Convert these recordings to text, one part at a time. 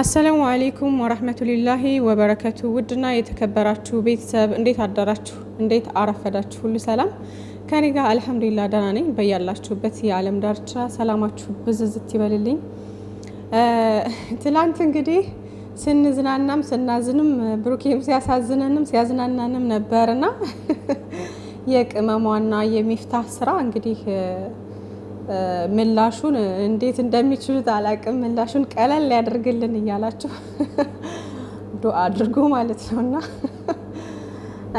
አሰላሙ አሌይኩም ወረህመቱሊላሂ ወበረከቱ። ውድና የተከበራችሁ ቤተሰብ እንዴት አደራችሁ? እንዴት አረፈዳችሁ? ሁሉ ሰላም ከኔ ጋር አልሐምዱሊላ ደህና ነኝ። በያላችሁበት የዓለም ዳርቻ ሰላማችሁ ብዝዝት ይበልልኝ። ትላንት እንግዲህ ስንዝናናም ስናዝንም ብሩኬም ሲያሳዝነንም ሲያዝናናንም ነበርና የቅመሟና የሚፍታህ ስራ እንግዲህ ምላሹን እንዴት እንደሚችሉት አላቅም። ምላሹን ቀለል ሊያደርግልን እያላችሁ ዱአ አድርጎ ማለት ነው እና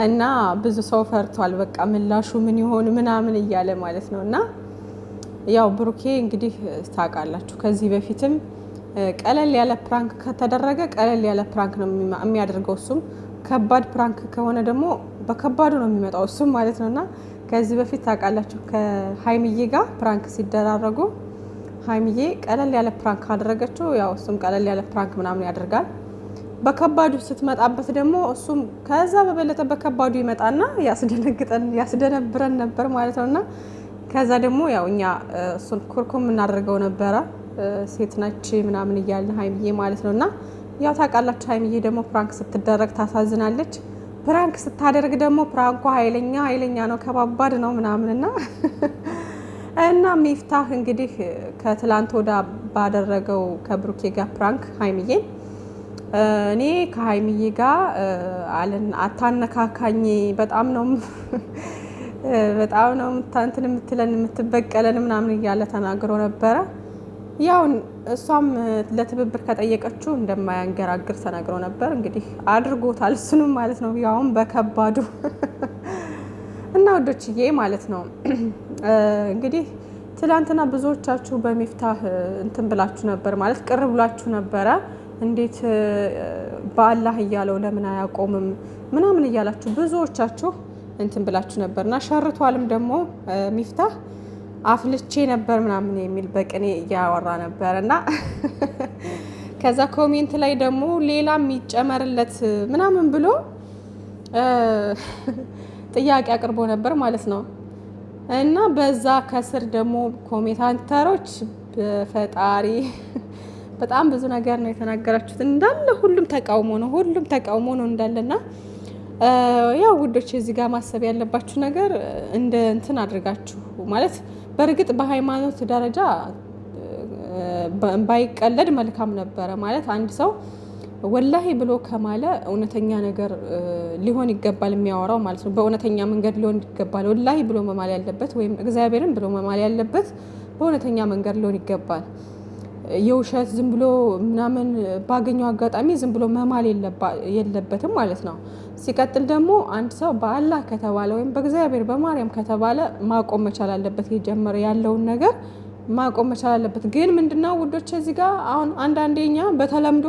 እና ብዙ ሰው ፈርቷል። በቃ ምላሹ ምን ይሆን ምናምን እያለ ማለት ነው እና ያው ብሩኬ እንግዲህ ታውቃላችሁ ከዚህ በፊትም ቀለል ያለ ፕራንክ ከተደረገ ቀለል ያለ ፕራንክ ነው የሚያደርገው እሱም። ከባድ ፕራንክ ከሆነ ደግሞ በከባዱ ነው የሚመጣው እሱም ማለት ነውና ከዚህ በፊት ታውቃላችሁ ከሀይምዬ ጋር ፕራንክ ሲደራረጉ ሀይምዬ ቀለል ያለ ፕራንክ አደረገችው። ያው እሱም ቀለል ያለ ፕራንክ ምናምን ያደርጋል። በከባዱ ስትመጣበት ደግሞ እሱም ከዛ በበለጠ በከባዱ ይመጣና ያስደነግጠን ያስደነብረን ነበር ማለት እና ከዛ ደግሞ ያው እኛ እሱን ኩርኩም እናደርገው ነበረ። ሴት ነች ምናምን እያልን ሀይምዬ ማለት እና ያው ታውቃላችሁ ሀይምዬ ደግሞ ፕራንክ ስትደረግ ታሳዝናለች። ፕራንክ ስታደርግ ደግሞ ፕራንኩ ኃይለኛ ኃይለኛ ነው ከባባድ ነው ምናምንና እና ሚፍታህ እንግዲህ ከትላንት ወዳ ባደረገው ከብሩኬ ጋር ፕራንክ ሀይሚዬ እኔ ከሀይምዬ ጋር አለን አታነካካኝ፣ በጣም ነው በጣም ነው እንትን የምትለን የምትበቀለን ምናምን እያለ ተናግሮ ነበረ። ያው እሷም ለትብብር ከጠየቀችው እንደማያንገራግር ተናግሮ ነበር። እንግዲህ አድርጎታል እሱንም ማለት ነው ያውም በከባዱ እና ወዶችዬ ማለት ነው እንግዲህ ትላንትና ብዙዎቻችሁ በሚፍታህ እንትን ብላችሁ ነበር ማለት ቅር ብላችሁ ነበረ። እንዴት በአላህ እያለው ለምን አያቆምም ምናምን እያላችሁ ብዙዎቻችሁ እንትን ብላችሁ ነበር እና ሸርቷልም ደግሞ ሚፍታህ አፍልቼ ነበር ምናምን የሚል በቅኔ እያወራ ነበር እና ከዛ ኮሜንት ላይ ደግሞ ሌላ የሚጨመርለት ምናምን ብሎ ጥያቄ አቅርቦ ነበር ማለት ነው። እና በዛ ከስር ደግሞ ኮሜንታተሮች በፈጣሪ በጣም ብዙ ነገር ነው የተናገራችሁት። እንዳለ ሁሉም ተቃውሞ ነው፣ ሁሉም ተቃውሞ ነው እንዳለና ያው ውዶች እዚህ ጋር ማሰብ ያለባችሁ ነገር እንደ እንትን አድርጋችሁ ማለት በእርግጥ በሃይማኖት ደረጃ ባይቀለድ መልካም ነበረ። ማለት አንድ ሰው ወላሂ ብሎ ከማለ እውነተኛ ነገር ሊሆን ይገባል የሚያወራው ማለት ነው። በእውነተኛ መንገድ ሊሆን ይገባል። ወላሂ ብሎ መማል ያለበት ወይም እግዚአብሔርን ብሎ መማል ያለበት በእውነተኛ መንገድ ሊሆን ይገባል። የውሸት ዝም ብሎ ምናምን ባገኘው አጋጣሚ ዝም ብሎ መማል የለበትም ማለት ነው። ሲቀጥል ደግሞ አንድ ሰው በአላህ ከተባለ ወይም በእግዚአብሔር በማርያም ከተባለ ማቆም መቻል አለበት። የጀመረ ያለውን ነገር ማቆም መቻል አለበት። ግን ምንድነው ውዶች እዚህ ጋር አሁን አንዳንዴኛ በተለምዶ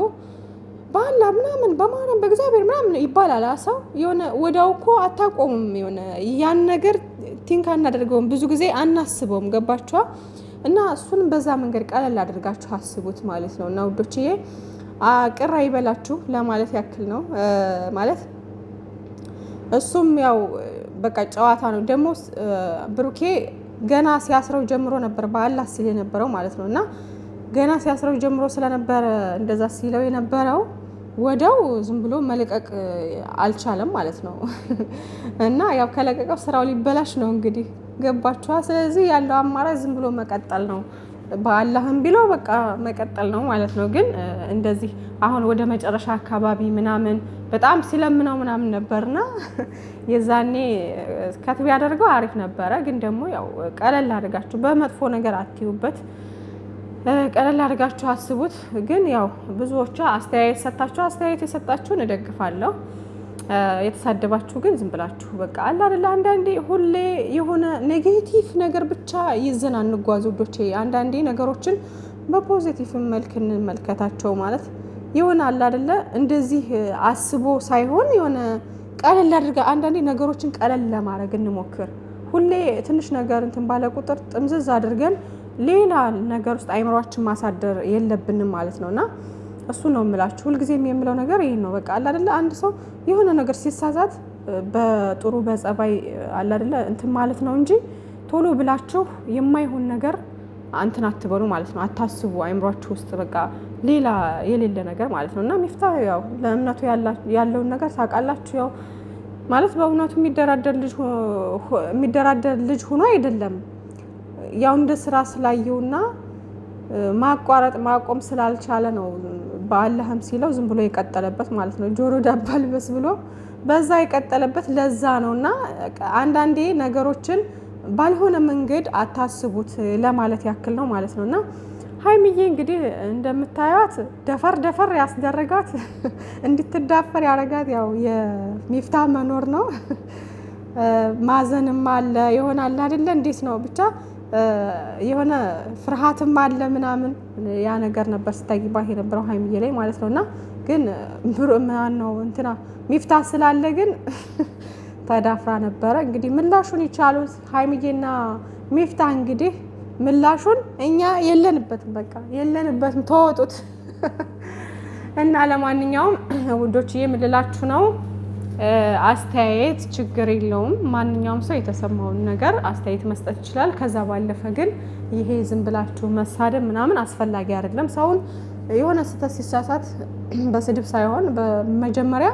በአላህ ምናምን በማርያም በእግዚአብሔር ምናምን ይባላል። ሰው የሆነ ወዲያው እኮ አታቆምም። የሆነ ያን ነገር ቲንክ አናደርገውም፣ ብዙ ጊዜ አናስበውም። ገባችኋ? እና እሱን በዛ መንገድ ቀለል አድርጋችሁ አስቡት ማለት ነው። እና ውዶችዬ ቅር አይበላችሁ ለማለት ያክል ነው ማለት እሱም ያው በቃ ጨዋታ ነው። ደግሞ ብሩኬ ገና ሲያስረው ጀምሮ ነበር በአላህ ሲል የነበረው ማለት ነው እና ገና ሲያስረው ጀምሮ ስለነበረ እንደዛ ሲለው የነበረው ወደው ዝም ብሎ መለቀቅ አልቻለም ማለት ነው እና ያው ከለቀቀው ስራው ሊበላሽ ነው እንግዲህ ገባችኋ? ስለዚህ ያለው አማራጭ ዝም ብሎ መቀጠል ነው። በአላህም ቢለው በቃ መቀጠል ነው ማለት ነው። ግን እንደዚህ አሁን ወደ መጨረሻ አካባቢ ምናምን በጣም ሲለምነው ምናምን ነበርና የዛኔ ከት ቢያደርገው አሪፍ ነበረ። ግን ደግሞ ያው ቀለል አድርጋችሁ በመጥፎ ነገር አትዩበት፣ ቀለል አድርጋችሁ አስቡት። ግን ያው ብዙዎቹ አስተያየት ሰጣችሁ፣ አስተያየት የሰጣችሁን እደግፋለሁ። የተሳደባችሁ ግን ዝም ብላችሁ በቃ አለ አይደለ። አንዳንዴ ሁሌ የሆነ ኔጌቲቭ ነገር ብቻ ይዘን አንጓዝ ውዶቼ። አንዳንዴ ነገሮችን በፖዚቲቭ መልክ እንመልከታቸው ማለት ይሆናል አይደለ? እንደዚህ አስቦ ሳይሆን የሆነ ቀለል አድርጋ አንዳንዴ ነገሮችን ቀለል ለማድረግ እንሞክር። ሁሌ ትንሽ ነገር እንትን ባለ ቁጥር ጥምዝዝ አድርገን ሌላ ነገር ውስጥ አይምሯችን ማሳደር የለብንም ማለት ነው እና እሱ ነው የምላችሁ። ሁልጊዜም የምለው ነገር ይህን ነው። በቃ አላደለ አንድ ሰው የሆነ ነገር ሲሳሳት በጥሩ በጸባይ አላደለ እንትን ማለት ነው እንጂ ቶሎ ብላችሁ የማይሆን ነገር እንትን አትበሉ ማለት ነው። አታስቡ አይምሯችሁ ውስጥ በቃ ሌላ የሌለ ነገር ማለት ነው እና ሚፍታ ያው ለእምነቱ ያለውን ነገር ታውቃላችሁ። ያው ማለት በእውነቱ የሚደራደር ልጅ ሆኖ አይደለም ያው እንደ ስራ ስላየውና ማቋረጥ ማቆም ስላልቻለ ነው። በአላህም ሲለው ዝም ብሎ የቀጠለበት ማለት ነው። ጆሮ ዳባ ልበስ ብሎ በዛ የቀጠለበት ለዛ ነው እና አንዳንዴ ነገሮችን ባልሆነ መንገድ አታስቡት ለማለት ያክል ነው ማለት ነው እና ሀይሚዬ እንግዲህ እንደምታዩት ደፈር ደፈር ያስደረጋት እንድትዳፈር ያደረጋት ያው የሚፍታ መኖር ነው። ማዘንም አለ ይሆናል አይደለ? እንዴት ነው ብቻ የሆነ ፍርሃትም አለ ምናምን ያ ነገር ነበር ስታይባት የነበረው ሀይሚዬ ላይ ማለት ነው። እና ግን ምናምን ነው እንትና ሚፍታ ስላለ ግን ተዳፍራ ነበረ። እንግዲህ ምላሹን የቻሉት ሀይሚዬና ሚፍታ እንግዲህ ምላሹን እኛ የለንበትም፣ በቃ የለንበትም፣ ተወጡት እና ለማንኛውም ውዶች የምልላችሁ ነው። አስተያየት ችግር የለውም። ማንኛውም ሰው የተሰማውን ነገር አስተያየት መስጠት ይችላል። ከዛ ባለፈ ግን ይሄ ዝም ብላችሁ መሳደብ ምናምን አስፈላጊ አይደለም። ሰውን የሆነ ስህተት ሲሳሳት በስድብ ሳይሆን በመጀመሪያ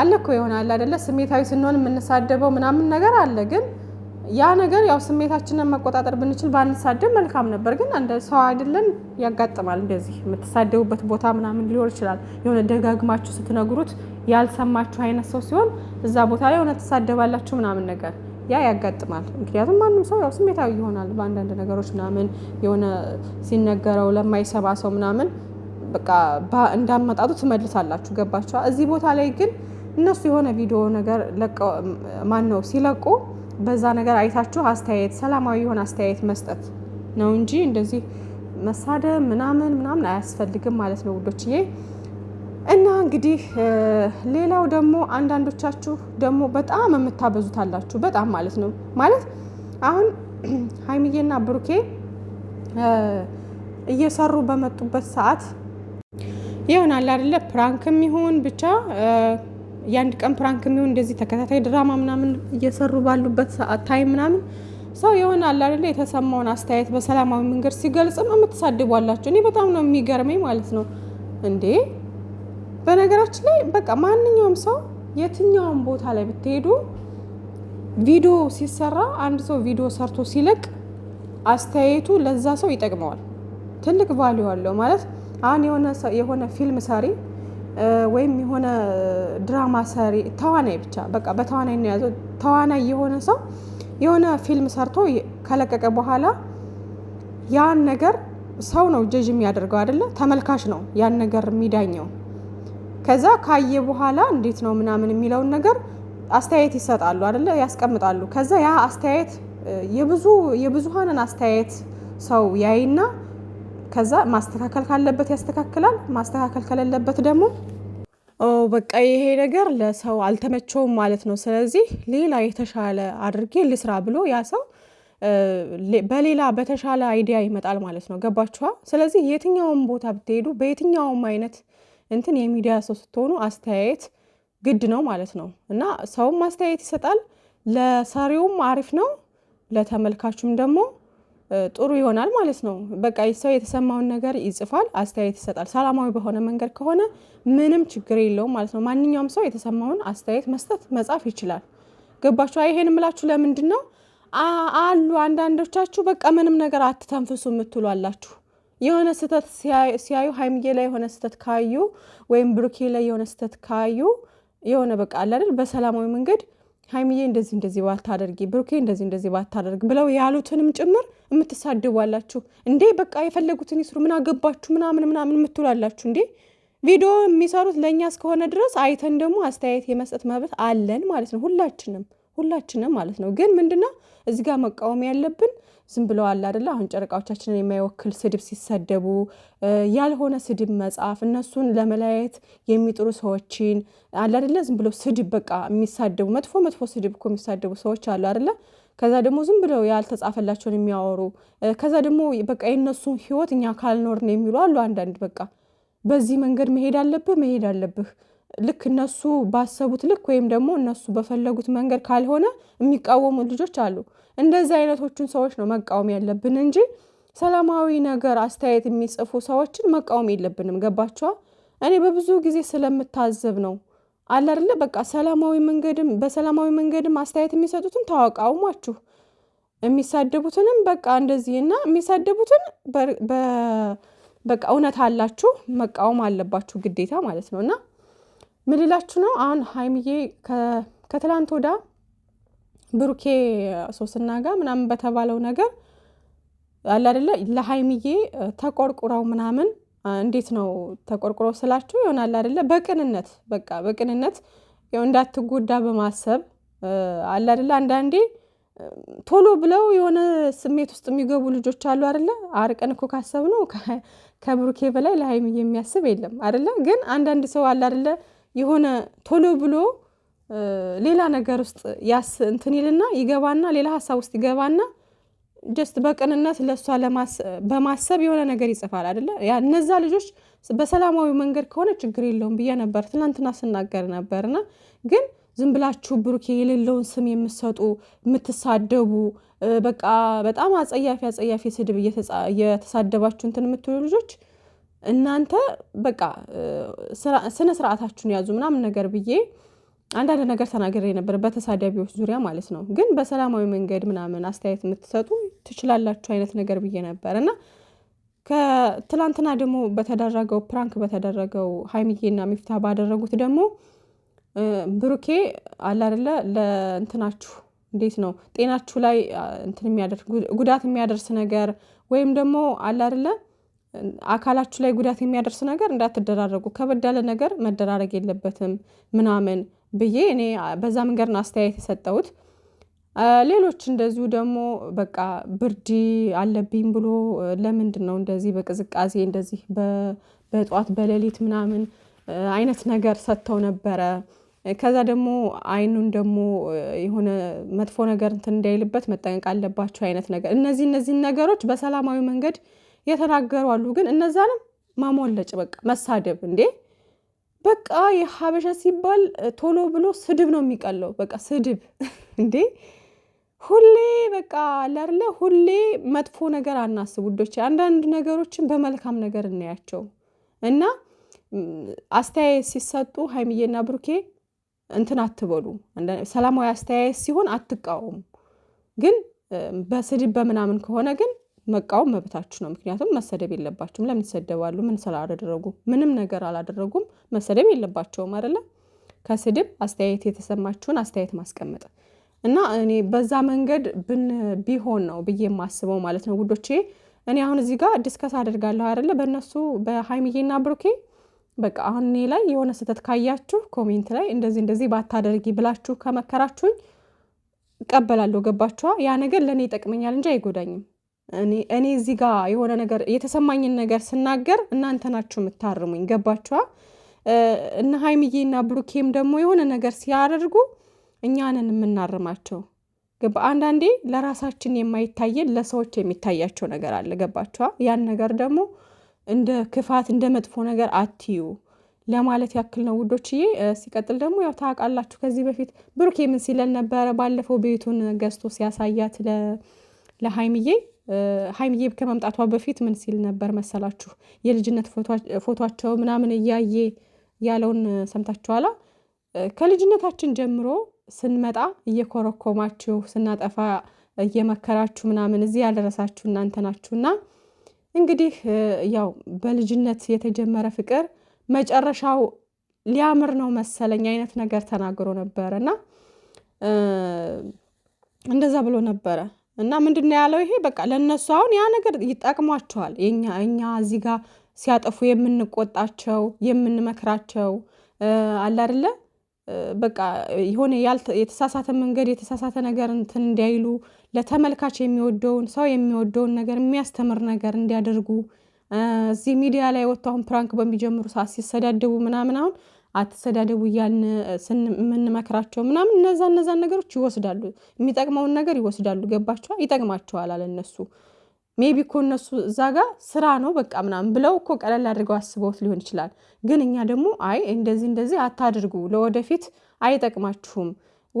አለ እኮ የሆነ አለ አይደለ፣ ስሜታዊ ስንሆን የምንሳደበው ምናምን ነገር አለ ግን ያ ነገር ያው ስሜታችንን መቆጣጠር ብንችል ባንሳደብ መልካም ነበር። ግን እንደ ሰው አይደለን ያጋጥማል። እንደዚህ የምትሳደቡበት ቦታ ምናምን ሊሆን ይችላል። የሆነ ደጋግማችሁ ስትነግሩት ያልሰማችሁ አይነት ሰው ሲሆን እዛ ቦታ ላይ የሆነ ትሳደባላችሁ ምናምን ነገር ያ ያጋጥማል። ምክንያቱም ማንም ሰው ያው ስሜታዊ ይሆናል በአንዳንድ ነገሮች ምናምን የሆነ ሲነገረው ለማይሰባ ሰው ምናምን በቃ እንዳመጣጡ ትመልሳላችሁ። ገባችኋ? እዚህ ቦታ ላይ ግን እነሱ የሆነ ቪዲዮ ነገር ማን ነው ሲለቁ በዛ ነገር አይታችሁ አስተያየት ሰላማዊ የሆነ አስተያየት መስጠት ነው እንጂ እንደዚህ መሳደብ ምናምን ምናምን አያስፈልግም ማለት ነው ውዶችዬ። እና እንግዲህ ሌላው ደግሞ አንዳንዶቻችሁ ደግሞ በጣም የምታበዙት አላችሁ። በጣም ማለት ነው ማለት አሁን ሀይሚዬና ብሩኬ እየሰሩ በመጡበት ሰዓት ይሆናል አይደለ ፕራንክም ይሁን ብቻ የአንድ ቀን ፕራንክ የሚሆን እንደዚህ ተከታታይ ድራማ ምናምን እየሰሩ ባሉበት ሰዓት ታይም ምናምን ሰው የሆነ አይደለ የተሰማውን አስተያየት በሰላማዊ መንገድ ሲገልጽም የምትሳድቧላቸው እኔ በጣም ነው የሚገርመኝ ማለት ነው እንዴ። በነገራችን ላይ በቃ ማንኛውም ሰው የትኛውም ቦታ ላይ ብትሄዱ ቪዲዮ ሲሰራ አንድ ሰው ቪዲዮ ሰርቶ ሲለቅ አስተያየቱ ለዛ ሰው ይጠቅመዋል። ትልቅ ቫሊዩ አለው ማለት አሁን የሆነ ፊልም ሰሪ ወይም የሆነ ድራማ ሰሪ ተዋናይ ብቻ በቃ በተዋናይ ነው የያዘው። ተዋናይ የሆነ ሰው የሆነ ፊልም ሰርቶ ከለቀቀ በኋላ ያን ነገር ሰው ነው ጀጅ የሚያደርገው አይደለ? ተመልካች ነው ያን ነገር የሚዳኘው። ከዛ ካየ በኋላ እንዴት ነው ምናምን የሚለውን ነገር አስተያየት ይሰጣሉ አይደለ? ያስቀምጣሉ። ከዛ ያ አስተያየት የብዙ የብዙሃንን አስተያየት ሰው ያይና ከዛ ማስተካከል ካለበት ያስተካክላል። ማስተካከል ከሌለበት ደግሞ በቃ ይሄ ነገር ለሰው አልተመቸውም ማለት ነው። ስለዚህ ሌላ የተሻለ አድርጌ ልስራ ብሎ ያ ሰው በሌላ በተሻለ አይዲያ ይመጣል ማለት ነው። ገባችኋ? ስለዚህ የትኛውም ቦታ ብትሄዱ በየትኛውም አይነት እንትን የሚዲያ ሰው ስትሆኑ አስተያየት ግድ ነው ማለት ነው እና ሰውም አስተያየት ይሰጣል። ለሰሪውም አሪፍ ነው፣ ለተመልካቹም ደግሞ ጥሩ ይሆናል ማለት ነው። በቃ ሰው የተሰማውን ነገር ይጽፋል፣ አስተያየት ይሰጣል። ሰላማዊ በሆነ መንገድ ከሆነ ምንም ችግር የለውም ማለት ነው። ማንኛውም ሰው የተሰማውን አስተያየት መስጠት መጻፍ ይችላል። ገባችሁ? ይሄን ምላችሁ ለምንድን ነው አሉ አንዳንዶቻችሁ በቃ ምንም ነገር አትተንፍሱ የምትሉ አላችሁ። የሆነ ስህተት ሲያዩ ሀይምዬ ላይ የሆነ ስህተት ካዩ ወይም ብሩኬ ላይ የሆነ ስህተት ካዩ የሆነ በቃ አለ አይደል በሰላማዊ መንገድ ሀይሚዬ እንደዚህ እንደዚህ ባታደርጊ፣ ብሩኬ እንደዚህ እንደዚህ ባታደርግ ብለው ያሉትንም ጭምር የምትሳድቧላችሁ እንዴ። በቃ የፈለጉትን ይስሩ፣ ምን አገባችሁ ምናምን ምናምን የምትውላላችሁ እንዴ። ቪዲዮ የሚሰሩት ለእኛ እስከሆነ ድረስ አይተን ደግሞ አስተያየት የመስጠት መብት አለን ማለት ነው ሁላችንም። ሁላችንም ማለት ነው። ግን ምንድነው እዚህ ጋር መቃወም ያለብን ዝም ብለዋል አደለ? አሁን ጨረቃዎቻችንን የማይወክል ስድብ ሲሰደቡ ያልሆነ ስድብ መጻፍ፣ እነሱን ለመለያየት የሚጥሩ ሰዎችን አለ አደለ? ዝም ብለው ስድብ በቃ የሚሳደቡ መጥፎ መጥፎ ስድብ እኮ የሚሳደቡ ሰዎች አሉ አደለ? ከዛ ደግሞ ዝም ብለው ያልተጻፈላቸውን የሚያወሩ ከዛ ደግሞ በቃ የእነሱን ህይወት እኛ ካልኖርን የሚሉ አሉ። አንዳንድ በቃ በዚህ መንገድ መሄድ አለብህ መሄድ አለብህ ልክ እነሱ ባሰቡት ልክ ወይም ደግሞ እነሱ በፈለጉት መንገድ ካልሆነ የሚቃወሙ ልጆች አሉ። እንደዚህ አይነቶቹን ሰዎች ነው መቃወም ያለብን እንጂ ሰላማዊ ነገር አስተያየት የሚጽፉ ሰዎችን መቃወም የለብንም። ገባችኋ? እኔ በብዙ ጊዜ ስለምታዘብ ነው አለ አይደለ? በቃ ሰላማዊ መንገድም በሰላማዊ መንገድም አስተያየት የሚሰጡትን ተቃውሟችሁ የሚሳደቡትንም በቃ እንደዚህ እና የሚሳደቡትን በቃ እውነት አላችሁ መቃወም አለባችሁ ግዴታ ማለት ነው እና ምን ሊላችሁ ነው? አሁን ሀይሚዬ ከትላንት ወዳ ብሩኬ ሶስና ጋር ምናምን በተባለው ነገር አለ ለሀይምዬ ለሀይሚዬ ተቆርቁረው ምናምን እንዴት ነው ተቆርቁረው ስላችሁ ይሆናል አይደለ በቅንነት በቃ በቅንነት እንዳትጎዳ በማሰብ አለ አንዳንዴ ቶሎ ብለው የሆነ ስሜት ውስጥ የሚገቡ ልጆች አሉ አደለ አርቀን እኮ ካሰብ ነው ከብሩኬ በላይ ለሀይሚዬ የሚያስብ የለም አደለ ግን አንዳንድ ሰው አለ የሆነ ቶሎ ብሎ ሌላ ነገር ውስጥ ያስ እንትን ይልና ይገባና ሌላ ሀሳብ ውስጥ ይገባና ጀስት በቅንነት ለእሷ በማሰብ የሆነ ነገር ይጽፋል አይደለ? እነዛ ልጆች በሰላማዊ መንገድ ከሆነ ችግር የለውም ብዬ ነበር ትናንትና ስናገር ነበርና፣ ግን ዝም ብላችሁ ብሩኬ የሌለውን ስም የምትሰጡ የምትሳደቡ፣ በቃ በጣም አጸያፊ አጸያፊ ስድብ እየተሳደባችሁ እንትን የምትሉ ልጆች እናንተ በቃ ስነ ስርዓታችሁን ያዙ ምናምን ነገር ብዬ አንዳንድ ነገር ተናግሬ ነበር፣ በተሳዳቢዎች ዙሪያ ማለት ነው። ግን በሰላማዊ መንገድ ምናምን አስተያየት የምትሰጡ ትችላላችሁ አይነት ነገር ብዬ ነበር እና ከትላንትና ደግሞ በተደረገው ፕራንክ በተደረገው ሀይሚዬና ሚፍታ ባደረጉት ደግሞ ብሩኬ አላደለ ለእንትናችሁ እንዴት ነው ጤናችሁ ላይ እንትን የሚያደርስ ጉዳት የሚያደርስ ነገር ወይም ደግሞ አላደለ አካላችሁ ላይ ጉዳት የሚያደርስ ነገር እንዳትደራረጉ፣ ከበድ ያለ ነገር መደራረግ የለበትም ምናምን ብዬ እኔ በዛ መንገድ ነው አስተያየት የሰጠሁት። ሌሎች እንደዚሁ ደግሞ በቃ ብርድ አለብኝ ብሎ ለምንድን ነው እንደዚህ በቅዝቃዜ እንደዚህ በጧት በሌሊት ምናምን አይነት ነገር ሰጥተው ነበረ። ከዛ ደግሞ አይኑን ደግሞ የሆነ መጥፎ ነገር እንትን እንዳይልበት መጠንቀቅ አለባቸው አይነት ነገር እነዚህ እነዚህን ነገሮች በሰላማዊ መንገድ የተናገሩ አሉ። ግን እነዛንም ማሞለጭ በቃ መሳደብ እንዴ በቃ የሀበሻ ሲባል ቶሎ ብሎ ስድብ ነው የሚቀለው። በቃ ስድብ እንዴ ሁሌ በቃ ለርለ ሁሌ መጥፎ ነገር አናስብ ውዶች። አንዳንድ ነገሮችን በመልካም ነገር እናያቸው እና አስተያየት ሲሰጡ ሀይሚዬና ብሩኬ እንትን አትበሉ። ሰላማዊ አስተያየት ሲሆን አትቃወሙ። ግን በስድብ በምናምን ከሆነ ግን መቃወም መብታችሁ ነው። ምክንያቱም መሰደብ የለባችሁም። ለምን ትሰደባሉ? ምን ስላደረጉ? ምንም ነገር አላደረጉም። መሰደብ የለባቸውም አይደለም። ከስድብ አስተያየት የተሰማችሁን አስተያየት ማስቀመጥ እና እኔ በዛ መንገድ ብን ቢሆን ነው ብዬ የማስበው ማለት ነው ውዶቼ። እኔ አሁን እዚህ ጋር ዲስከስ አደርጋለሁ አይደለ በእነሱ በሀይሚዬና ብሩኬ በቃ አሁን እኔ ላይ የሆነ ስህተት ካያችሁ ኮሜንት ላይ እንደዚህ እንደዚህ ባታደርጊ ብላችሁ ከመከራችሁኝ እቀበላለሁ። ገባችኋ? ያ ነገር ለእኔ ይጠቅመኛል እንጂ አይጎዳኝም። እኔ እዚህ ጋር የሆነ ነገር የተሰማኝን ነገር ስናገር እናንተ ናችሁ የምታርሙኝ። ገባችኋ? እነ ሀይምዬ እና ብሩኬም ደግሞ የሆነ ነገር ሲያደርጉ እኛንን የምናርማቸው ገባ። አንዳንዴ ለራሳችን የማይታየን ለሰዎች የሚታያቸው ነገር አለ። ገባችኋ? ያን ነገር ደግሞ እንደ ክፋት እንደ መጥፎ ነገር አትዩ ለማለት ያክል ነው ውዶችዬ። ሲቀጥል ደግሞ ያው ታውቃላችሁ ከዚህ በፊት ብሩኬ ምን ሲለን ነበረ? ባለፈው ቤቱን ገዝቶ ሲያሳያት ለሀይምዬ ሀይሚዬ ከመምጣቷ በፊት ምን ሲል ነበር መሰላችሁ? የልጅነት ፎቷቸው ምናምን እያየ ያለውን ሰምታችኋላ። ከልጅነታችን ጀምሮ ስንመጣ እየኮረኮማችሁ ስናጠፋ እየመከራችሁ ምናምን እዚህ ያደረሳችሁ እናንተ ናችሁ እና እንግዲህ ያው በልጅነት የተጀመረ ፍቅር መጨረሻው ሊያምር ነው መሰለኝ አይነት ነገር ተናግሮ ነበረ እና እንደዛ ብሎ ነበረ። እና ምንድን ነው ያለው? ይሄ በቃ ለእነሱ አሁን ያ ነገር ይጠቅሟቸዋል። የኛ እኛ እዚህ ጋር ሲያጠፉ የምንቆጣቸው የምንመክራቸው አለ አይደለ? በቃ የሆነ የተሳሳተ መንገድ የተሳሳተ ነገር እንትን እንዲያይሉ ለተመልካች የሚወደውን ሰው የሚወደውን ነገር የሚያስተምር ነገር እንዲያደርጉ እዚህ ሚዲያ ላይ ወጥተው አሁን ፕራንክ በሚጀምሩ ሰዓት ሲሰዳደቡ ምናምን አሁን አትሰዳደቡ እያልን የምንመክራቸው ምናምን እነዛ እነዛን ነገሮች ይወስዳሉ። የሚጠቅመውን ነገር ይወስዳሉ። ገባቸዋ ይጠቅማቸዋል አለ እነሱ ሜቢ እኮ እነሱ እዛ ጋ ስራ ነው በቃ ምናምን ብለው እኮ ቀለል አድርገው አስበውት ሊሆን ይችላል። ግን እኛ ደግሞ አይ እንደዚህ እንደዚህ አታድርጉ፣ ለወደፊት አይጠቅማችሁም፣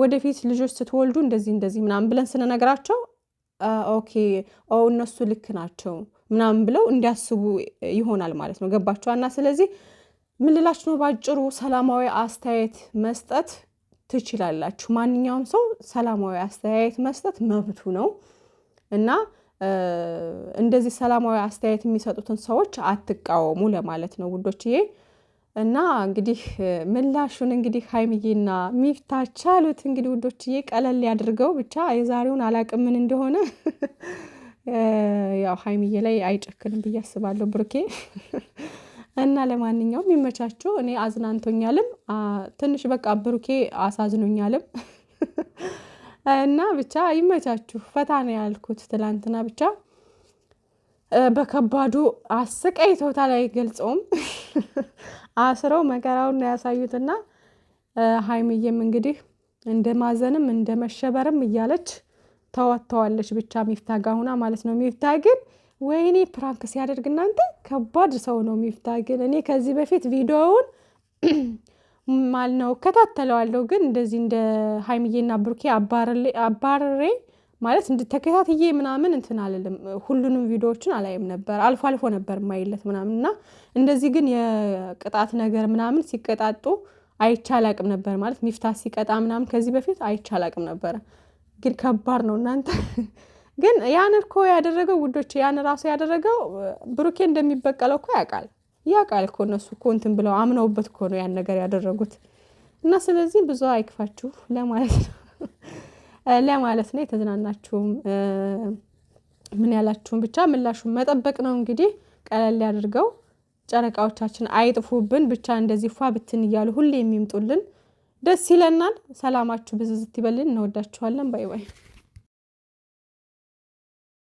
ወደፊት ልጆች ስትወልዱ እንደዚህ እንደዚህ ምናምን ብለን ስንነግራቸው ኦኬ ኦ እነሱ ልክ ናቸው ምናምን ብለው እንዲያስቡ ይሆናል ማለት ነው። ገባችኋ እና ስለዚህ ምልላችሁ ነው ባጭሩ፣ ሰላማዊ አስተያየት መስጠት ትችላላችሁ። ማንኛውም ሰው ሰላማዊ አስተያየት መስጠት መብቱ ነው እና እንደዚህ ሰላማዊ አስተያየት የሚሰጡትን ሰዎች አትቃወሙ ለማለት ነው ውዶችዬ። እና እንግዲህ ምላሹን እንግዲህ ሀይምዬና ሚፍታ ቻሉት። እንግዲህ ውዶችዬ ቀለል ያድርገው ብቻ። የዛሬውን አላቅምን እንደሆነ ያው ሀይምዬ ላይ አይጨክንም ብዬ አስባለሁ ብሩኬ እና ለማንኛውም ይመቻችሁ። እኔ አዝናንቶኛልም ትንሽ በቃ ብሩኬ አሳዝኖኛልም እና ብቻ ይመቻችሁ። ፈታ ነው ያልኩት ትላንትና ብቻ በከባዱ አስቀይ ላይ አይገልጸውም። አስረው መከራውን ያሳዩትና ሀይምዬም እንግዲህ እንደ ማዘንም እንደ መሸበርም እያለች ተወጥተዋለች። ብቻ ሚፍታ ጋር ሁና ማለት ነው። ሚፍታ ግን ወይኔ ፕራንክ ሲያደርግ እናንተ ከባድ ሰው ነው ሚፍታ። ግን እኔ ከዚህ በፊት ቪዲዮውን ማል ነው እከታተለዋለሁ፣ ግን እንደዚህ እንደ ሀይምዬና ብሩኬ አባርሬ ማለት ተከታትዬ ምናምን እንትን አልልም። ሁሉንም ቪዲዮዎችን አላይም ነበር፣ አልፎ አልፎ ነበር ማይለት ምናምን እና እንደዚህ ግን የቅጣት ነገር ምናምን ሲቀጣጡ አይቻላቅም ነበር ማለት ሚፍታ ሲቀጣ ምናምን ከዚህ በፊት አይቻላቅም ነበረ። ግን ከባድ ነው እናንተ ግን ያን እኮ ያደረገው ውዶች፣ ያን ራሱ ያደረገው ብሩኬ እንደሚበቀለው እኮ ያውቃል ያውቃል እኮ እነሱ እኮ እንትን ብለው አምነውበት እኮ ነው ያን ነገር ያደረጉት። እና ስለዚህ ብዙ አይክፋችሁ ለማለት ነው ለማለት ነው። የተዝናናችሁም ምን ያላችሁም ብቻ ምላሹ መጠበቅ ነው እንግዲህ። ቀለል ያድርገው ጨረቃዎቻችን፣ አይጥፉብን ብቻ እንደዚህ ፏ ብትን እያሉ ሁሌ የሚምጡልን ደስ ይለናል። ሰላማችሁ ብዝዝት ይበልን። እንወዳችኋለን። ባይ ባይ